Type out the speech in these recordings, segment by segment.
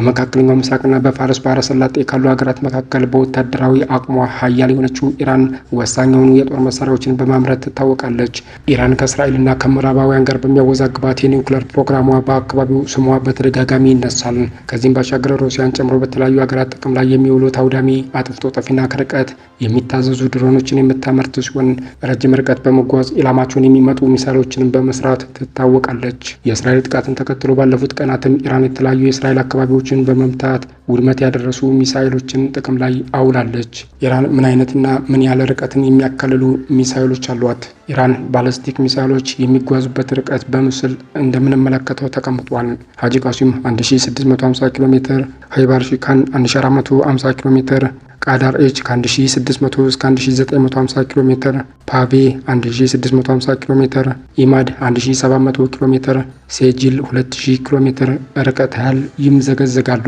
በመካከለኛው ምስራቅና በፋርስ ባህረ ሰላጤ ካሉ ሀገራት መካከል በወታደራዊ አቅሟ ሀያል የሆነችው ኢራን ወሳኝ የሆኑ የጦር መሳሪያዎችን በማምረት ትታወቃለች። ኢራን ከእስራኤልና ከምዕራባውያን ጋር በሚያወዛግባት የኒውክሌር ፕሮግራሟ በአካባቢው ስሟ በተደጋጋሚ ይነሳል። ከዚህም ባሻገር ሩሲያን ጨምሮ በተለያዩ ሀገራት ጥቅም ላይ የሚውሉ ታውዳሚ አጥፍቶ ጠፊና ከርቀት የሚታዘዙ ድሮኖችን የምታመርት ሲሆን ረጅም ርቀት በመጓዝ ኢላማቸውን የሚመጡ ሚሳይሎችንም በመስራት ትታወቃለች። የእስራኤል ጥቃትን ተከትሎ ባለፉት ቀናትም ኢራን የተለያዩ የእስራኤል አካባቢዎች ኢላማዎችን በመምታት ውድመት ያደረሱ ሚሳይሎችን ጥቅም ላይ አውላለች። ኢራን ምን አይነትና ምን ያለ ርቀትን የሚያካልሉ ሚሳይሎች አሏት? ኢራን ባለስቲክ ሚሳይሎች የሚጓዙበት ርቀት በምስል እንደምንመለከተው ተቀምጧል። ሀጂ ቃሲም 1650 ኪሎ ሜትር፣ ሀይባር 1450 ኪሎ ሜትር ቃዳር ኤች ከ1600 እስከ 1950 ኪሎ ሜትር፣ ፓቬ 1650 ኪሎ ሜትር፣ ኢማድ 1700 ኪሎ ሜትር፣ ሴጅል 2000 ኪሎ ሜትር ርቀት ያህል ይምዘገዘጋሉ።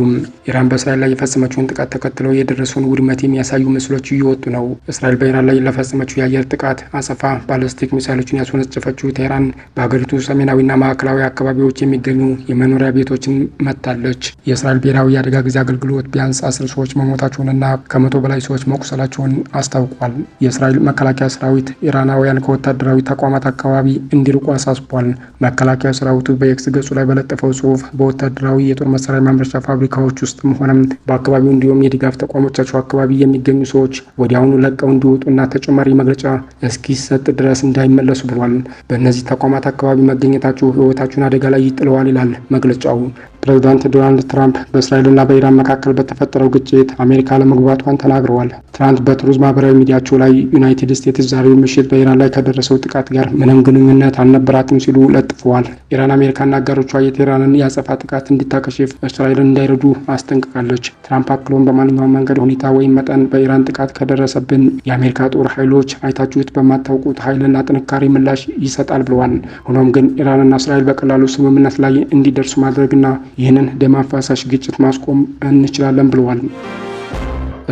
ኢራን በእስራኤል ላይ የፈጸመችውን ጥቃት ተከትለው የደረሰውን ውድመት የሚያሳዩ ምስሎች እየወጡ ነው። እስራኤል በኢራን ላይ ለፈጸመችው የአየር ጥቃት አጸፋ ባለስቲክ ሚሳይሎችን ያስወነጨፈችው ቴህራን በሀገሪቱ ሰሜናዊና ማዕከላዊ አካባቢዎች የሚገኙ የመኖሪያ ቤቶችን መታለች። የእስራኤል ብሔራዊ የአደጋ ጊዜ አገልግሎት ቢያንስ አስር ሰዎች መሞታቸውንና ከመቶ በላይ ሰዎች መቁሰላቸውን አስታውቋል። የእስራኤል መከላከያ ሰራዊት ኢራናውያን ከወታደራዊ ተቋማት አካባቢ እንዲርቁ አሳስቧል። መከላከያ ሰራዊቱ በኤክስ ገጹ ላይ በለጠፈው ጽሁፍ በወታደራዊ የጦር መሳሪያ ማምረቻ ፋብሪካዎች ውስጥም ሆነም በአካባቢው እንዲሁም የድጋፍ ተቋሞቻቸው አካባቢ የሚገኙ ሰዎች ወዲያውኑ ለቀው እንዲወጡና ተጨማሪ መግለጫ እስኪሰጥ ድረስ እንዳይመለሱ ብሏል። በእነዚህ ተቋማት አካባቢ መገኘታቸው ህይወታችሁን አደጋ ላይ ይጥለዋል ይላል መግለጫው። ፕሬዚዳንት ዶናልድ ትራምፕ በእስራኤልና በኢራን መካከል በተፈጠረው ግጭት አሜሪካ ለመግባቷ ባለስልጣን ተናግረዋል። ትናንት በትሩዝ ማህበራዊ ሚዲያቸው ላይ ዩናይትድ ስቴትስ ዛሬ ምሽት በኢራን ላይ ከደረሰው ጥቃት ጋር ምንም ግንኙነት አልነበራትም ሲሉ ለጥፈዋል። ኢራን አሜሪካና አጋሮቿ የቴህራንን የአጸፋ ጥቃት እንዲታከሽፍ እስራኤልን እንዳይረዱ አስጠንቅቃለች። ትራምፕ አክሎን በማንኛውም መንገድ ሁኔታ ወይም መጠን በኢራን ጥቃት ከደረሰብን የአሜሪካ ጦር ኃይሎች አይታችሁት በማታውቁት ኃይልና ጥንካሬ ምላሽ ይሰጣል ብለዋል። ሆኖም ግን ኢራንና እስራኤል በቀላሉ ስምምነት ላይ እንዲደርሱ ማድረግና ይህንን ደም አፋሳሽ ግጭት ማስቆም እንችላለን ብለዋል።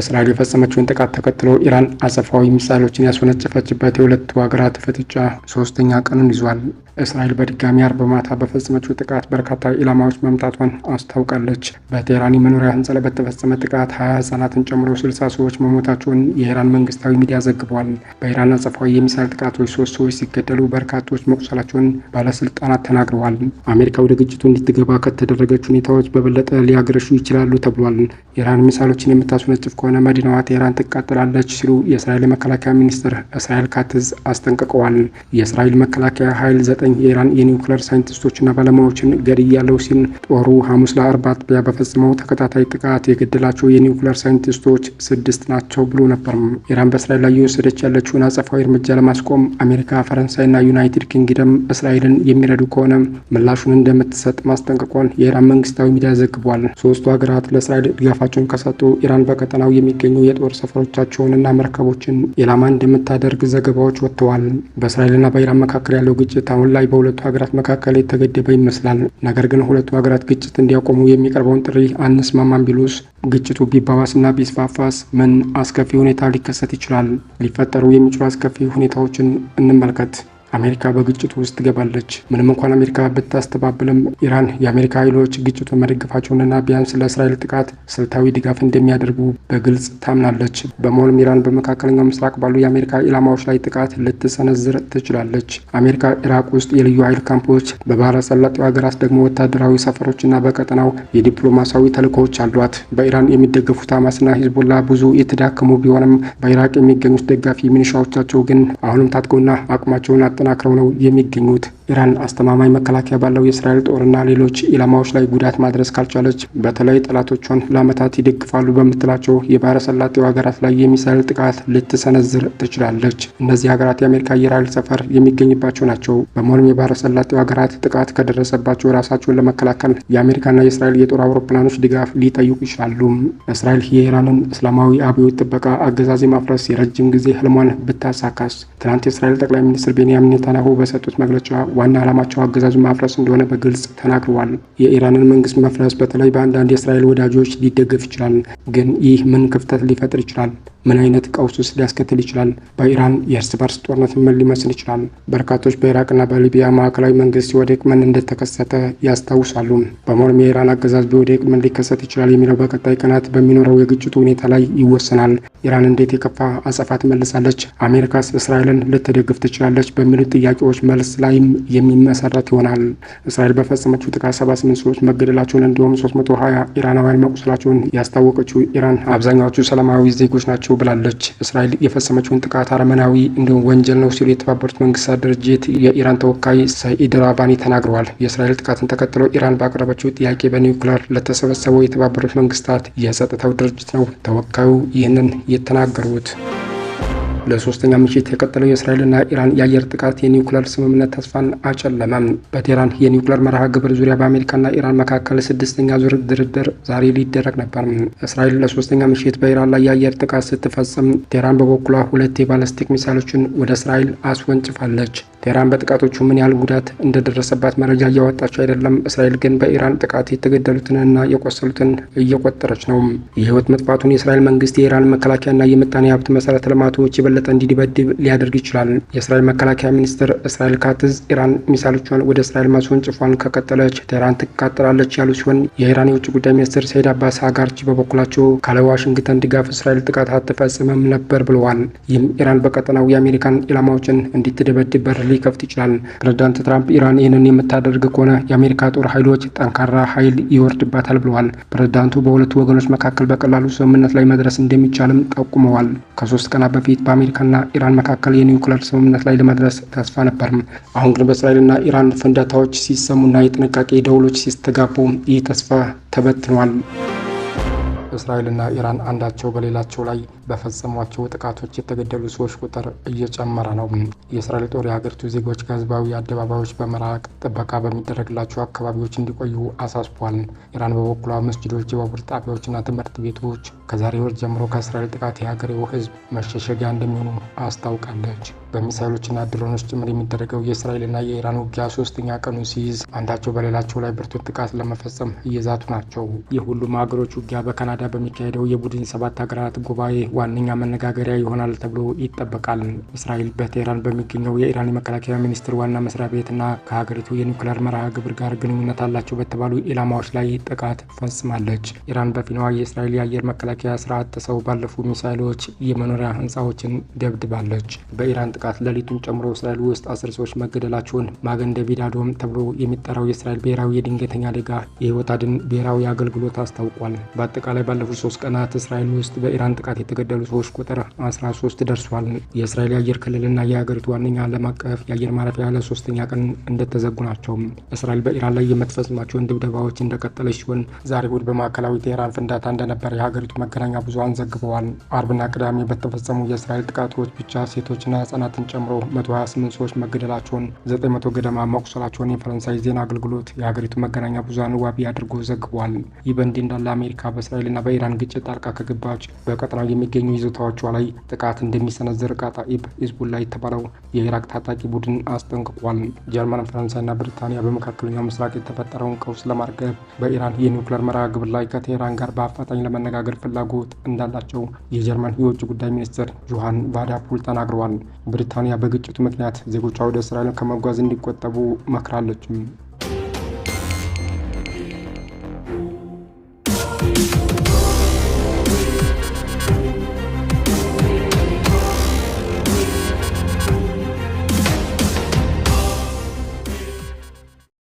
በእስራኤል የፈጸመችውን ጥቃት ተከትሎ ኢራን አጸፋዊ ሚሳይሎችን ያስወነጨፈችበት የሁለቱ ሀገራት ፍጥጫ ሶስተኛ ቀኑን ይዟል። እስራኤል በድጋሚ አርብ ማታ በፈጸመችው ጥቃት በርካታ ኢላማዎች መምታቷን አስታውቃለች። በቴህራን የመኖሪያ ህንፃ ላይ በተፈጸመ ጥቃት ሀያ ህጻናትን ጨምሮ ስልሳ ሰዎች መሞታቸውን የኢራን መንግስታዊ ሚዲያ ዘግቧል። በኢራን አጸፋዊ የሚሳይል ጥቃቶች ሶስት ሰዎች ሲገደሉ በርካቶች መቁሰላቸውን ባለስልጣናት ተናግረዋል። አሜሪካ ወደ ግጭቱ እንድትገባ ከተደረገች ሁኔታዎች በበለጠ ሊያገረሹ ይችላሉ ተብሏል። ኢራን ሚሳይሎችን የምታስወነጭፍ ከሆነ ከሆነ መዲናዋ ቴህራን ትቃጠላለች ሲሉ የእስራኤል መከላከያ ሚኒስትር እስራኤል ካትዝ አስጠንቅቀዋል። የእስራኤል መከላከያ ኃይል ዘጠኝ የኢራን የኒውክሌር ሳይንቲስቶችና ባለሙያዎችን ገድያለው ሲል ጦሩ ሐሙስ ለአርብ አጥቢያ በፈጸመው ተከታታይ ጥቃት የገደላቸው የኒውክሌር ሳይንቲስቶች ስድስት ናቸው ብሎ ነበር። ኢራን በእስራኤል ላይ የወሰደች ያለችውን አጸፋዊ እርምጃ ለማስቆም አሜሪካ፣ ፈረንሳይና ዩናይትድ ኪንግደም እስራኤልን የሚረዱ ከሆነ ምላሹን እንደምትሰጥ ማስጠንቀቋን የኢራን መንግስታዊ ሚዲያ ዘግቧል። ሶስቱ ሀገራት ለእስራኤል ድጋፋቸውን ከሰጡ ኢራን በቀጠናው የሚገኙ የጦር ሰፈሮቻቸውንና መርከቦችን ኢላማ እንደምታደርግ ዘገባዎች ወጥተዋል። በእስራኤልና በኢራን መካከል ያለው ግጭት አሁን ላይ በሁለቱ ሀገራት መካከል የተገደበ ይመስላል። ነገር ግን ሁለቱ ሀገራት ግጭት እንዲያቆሙ የሚቀርበውን ጥሪ አንስማማም ቢሉስ ግጭቱ ቢባባስና ቢስፋፋስ ምን አስከፊ ሁኔታ ሊከሰት ይችላል? ሊፈጠሩ የሚችሉ አስከፊ ሁኔታዎችን እንመልከት። አሜሪካ በግጭቱ ውስጥ ትገባለች። ምንም እንኳን አሜሪካ ብታስተባብልም ኢራን የአሜሪካ ኃይሎች ግጭቱን መደገፋቸውንና ቢያንስ ለእስራኤል ጥቃት ስልታዊ ድጋፍ እንደሚያደርጉ በግልጽ ታምናለች። በመሆኑም ኢራን በመካከለኛው ምስራቅ ባሉ የአሜሪካ ኢላማዎች ላይ ጥቃት ልትሰነዝር ትችላለች። አሜሪካ ኢራቅ ውስጥ የልዩ ኃይል ካምፖች፣ በባህረ ሰላጤው ሀገራት ደግሞ ወታደራዊ ሰፈሮችና በቀጠናው የዲፕሎማሲያዊ ተልእኮዎች አሏት። በኢራን የሚደገፉት ሀማስና ሂዝቦላ ብዙ የተዳከሙ ቢሆንም በኢራቅ የሚገኙት ደጋፊ ሚኒሻዎቻቸው ግን አሁንም ታጥቀውና አቅማቸውን አጠናክረው ነው የሚገኙት። ኢራን አስተማማኝ መከላከያ ባለው የእስራኤል ጦርና ሌሎች ኢላማዎች ላይ ጉዳት ማድረስ ካልቻለች በተለይ ጠላቶቿን ለዓመታት ይደግፋሉ በምትላቸው የባህረ ሰላጤው ሀገራት ላይ የሚሳይል ጥቃት ልትሰነዝር ትችላለች። እነዚህ ሀገራት የአሜሪካ አየር ኃይል ሰፈር የሚገኝባቸው ናቸው። በመሆኑም የባህረ ሰላጤው ሀገራት ጥቃት ከደረሰባቸው ራሳቸውን ለመከላከል የአሜሪካና የእስራኤል የጦር አውሮፕላኖች ድጋፍ ሊጠይቁ ይችላሉ። እስራኤል የኢራንን እስላማዊ አብዮት ጥበቃ አገዛዝ ማፍረስ የረጅም ጊዜ ህልሟን ብታሳካስ? ትናንት የእስራኤል ጠቅላይ ሚኒስትር ቤንያሚን ኔታንያሁ በሰጡት መግለጫ ዋና ዓላማቸው አገዛዙ ማፍረስ እንደሆነ በግልጽ ተናግረዋል። የኢራንን መንግስት መፍረስ በተለይ በአንዳንድ የእስራኤል ወዳጆች ሊደገፍ ይችላል። ግን ይህ ምን ክፍተት ሊፈጥር ይችላል? ምን አይነት ቀውስ ውስጥ ሊያስከትል ይችላል? በኢራን የእርስ በርስ ጦርነት ምን ሊመስል ይችላል? በርካቶች በኢራቅና በሊቢያ ማዕከላዊ መንግስት ሲወደቅ ምን እንደተከሰተ ያስታውሳሉ። በመሆኑም የኢራን አገዛዝ ቢወደቅ ምን ሊከሰት ይችላል የሚለው በቀጣይ ቀናት በሚኖረው የግጭቱ ሁኔታ ላይ ይወሰናል። ኢራን እንዴት የከፋ አጸፋ ትመልሳለች? አሜሪካስ እስራኤልን ልትደግፍ ትችላለች? በሚለው ሌሎች ጥያቄዎች መልስ ላይም የሚመሰረት ይሆናል። እስራኤል በፈጸመችው ጥቃት 78 ሰዎች መገደላቸውን እንዲሁም 320 ኢራናውያን መቁሰላቸውን ያስታወቀችው ኢራን አብዛኛዎቹ ሰላማዊ ዜጎች ናቸው ብላለች። እስራኤል የፈጸመችውን ጥቃት አረመናዊ እንዲሁም ወንጀል ነው ሲሉ የተባበሩት መንግስታት ድርጅት የኢራን ተወካይ ሰኢድ ራባኒ ተናግረዋል። የእስራኤል ጥቃትን ተከትሎ ኢራን ባቀረበችው ጥያቄ በኒውክሌር ለተሰበሰበው የተባበሩት መንግስታት የጸጥታው ድርጅት ነው ተወካዩ ይህንን የተናገሩት። ለሶስተኛ ምሽት የቀጠለው የእስራኤልና ኢራን የአየር ጥቃት የኒውክሌር ስምምነት ተስፋን አጨለመም። በቴህራን የኒውክሌር መርሃ ግብር ዙሪያ በአሜሪካና ኢራን መካከል ስድስተኛ ዙር ድርድር ዛሬ ሊደረግ ነበር። እስራኤል ለሶስተኛ ምሽት በኢራን ላይ የአየር ጥቃት ስትፈጽም፣ ቴህራን በበኩሏ ሁለት የባለስቲክ ሚሳይሎችን ወደ እስራኤል አስወንጭፋለች። ቴህራን በጥቃቶቹ ምን ያህል ጉዳት እንደደረሰባት መረጃ እያወጣች አይደለም። እስራኤል ግን በኢራን ጥቃት የተገደሉትንና የቆሰሉትን እየቆጠረች ነው። የህይወት መጥፋቱን የእስራኤል መንግስት የኢራን መከላከያና የምጣኔ ሀብት መሰረተ ልማቶች የበለጠ እንዲደበድብ ሊያደርግ ይችላል። የእስራኤል መከላከያ ሚኒስትር እስራኤል ካትዝ ኢራን ሚሳይሎቿን ወደ እስራኤል ማስወንጭፏን ከቀጠለች ቴህራን ትቃጠላለች ያሉ ሲሆን የኢራን የውጭ ጉዳይ ሚኒስትር ሰይድ አባስ አጋርቺ በበኩላቸው ካለ ዋሽንግተን ድጋፍ እስራኤል ጥቃት አትፈጽምም ነበር ብለዋል። ይህም ኢራን በቀጠናው የአሜሪካን ኢላማዎችን እንዲትደበድብ በር ሊከፍት ይችላል። ፕሬዚዳንት ትራምፕ ኢራን ይህንን የምታደርግ ከሆነ የአሜሪካ ጦር ኃይሎች ጠንካራ ኃይል ይወርድባታል ብለዋል። ፕሬዚዳንቱ በሁለቱ ወገኖች መካከል በቀላሉ ስምምነት ላይ መድረስ እንደሚቻልም ጠቁመዋል። ከሶስት ቀናት በፊት በአሜሪካና ኢራን መካከል የኒውክለር ስምምነት ላይ ለመድረስ ተስፋ ነበር። አሁን ግን በእስራኤልና ኢራን ፍንዳታዎች ሲሰሙና የጥንቃቄ ደውሎች ሲስተጋቡ ይህ ተስፋ ተበትኗል። እስራኤልና ኢራን አንዳቸው በሌላቸው ላይ በፈጸሟቸው ጥቃቶች የተገደሉ ሰዎች ቁጥር እየጨመረ ነው። የእስራኤል ጦር የሀገሪቱ ዜጎች ከህዝባዊ አደባባዮች በመራቅ ጥበቃ በሚደረግላቸው አካባቢዎች እንዲቆዩ አሳስቧል። ኢራን በበኩሏ መስጅዶች፣ የባቡር ጣቢያዎችና ትምህርት ቤቶች ከዛሬ ወር ጀምሮ ከእስራኤል ጥቃት የሀገሬው ህዝብ መሸሸጊያ እንደሚሆኑ አስታውቃለች። በሚሳይሎችና ድሮኖች ጭምር የሚደረገው የእስራኤልና የኢራን ውጊያ ሶስተኛ ቀኑ ሲይዝ አንዳቸው በሌላቸው ላይ ብርቱን ጥቃት ለመፈጸም እየዛቱ ናቸው። የሁሉም ሀገሮች ውጊያ በካናዳ በሚካሄደው የቡድን ሰባት ሀገራት ጉባኤ ዋነኛ መነጋገሪያ ይሆናል ተብሎ ይጠበቃል። እስራኤል በቴህራን በሚገኘው የኢራን የመከላከያ ሚኒስቴር ዋና መስሪያ ቤትና ከሀገሪቱ የኒውክሌር መርሃ ግብር ጋር ግንኙነት አላቸው በተባሉ ኢላማዎች ላይ ጥቃት ፈጽማለች። ኢራን በፊናዋ የእስራኤል የአየር መከላከያ ስርዓት ጥሰው ባለፉ ሚሳይሎች የመኖሪያ ህንፃዎችን ደብድባለች። በኢራን ጥቃት ሌሊቱን ጨምሮ እስራኤል ውስጥ አስር ሰዎች መገደላቸውን ማገን ዳቪድ አዶም ተብሎ የሚጠራው የእስራኤል ብሔራዊ የድንገተኛ አደጋ የህይወት አድን ብሔራዊ አገልግሎት አስታውቋል። በአጠቃላይ ባለፉት ሶስት ቀናት እስራኤል ውስጥ በኢራን ጥቃት የተገደሉ ሰዎች ቁጥር 13 ደርሷል። የእስራኤል የአየር ክልልና የሀገሪቱ ዋነኛ ዓለም አቀፍ የአየር ማረፊያ ለሶስተኛ ቀን እንደተዘጉ ናቸው። እስራኤል በኢራን ላይ የምትፈጽማቸውን ድብደባዎች እንደቀጠለች ሲሆን ዛሬ እሁድ በማዕከላዊ ቴህራን ፍንዳታ እንደነበረ የሀገሪቱ መገናኛ ብዙሃን ዘግበዋል። አርብና ቅዳሜ በተፈጸሙ የእስራኤል ጥቃቶች ብቻ ሴቶችና ህጻናትን ጨምሮ 128 ሰዎች መገደላቸውን፣ 900 ገደማ መቁሰላቸውን የፈረንሳይ ዜና አገልግሎት የሀገሪቱ መገናኛ ብዙሃን ዋቢ አድርጎ ዘግቧል። ይህ በእንዲህ እንዳለ አሜሪካ በእስራኤልና በኢራን ግጭት ጣልቃ ከገባች በቀጠናው የሚገኙ ይዞታዎቿ ላይ ጥቃት እንደሚሰነዝር ቃጣኢብ ሂዝቡላ የተባለው የኢራቅ ታጣቂ ቡድን አስጠንቅቋል። ጀርመን፣ ፈረንሳይና ብሪታንያ በመካከለኛው ምስራቅ የተፈጠረውን ቀውስ ለማርገብ በኢራን የኒውክሌር መርሃ ግብር ላይ ከቴህራን ጋር በአፋጣኝ ለመነጋገር ፍላጎት እንዳላቸው የጀርመን የውጭ ጉዳይ ሚኒስትር ጆሃን ቫዳፑል ተናግረዋል። ብሪታንያ በግጭቱ ምክንያት ዜጎቿ ወደ እስራኤል ከመጓዝ እንዲቆጠቡ መክራለችም።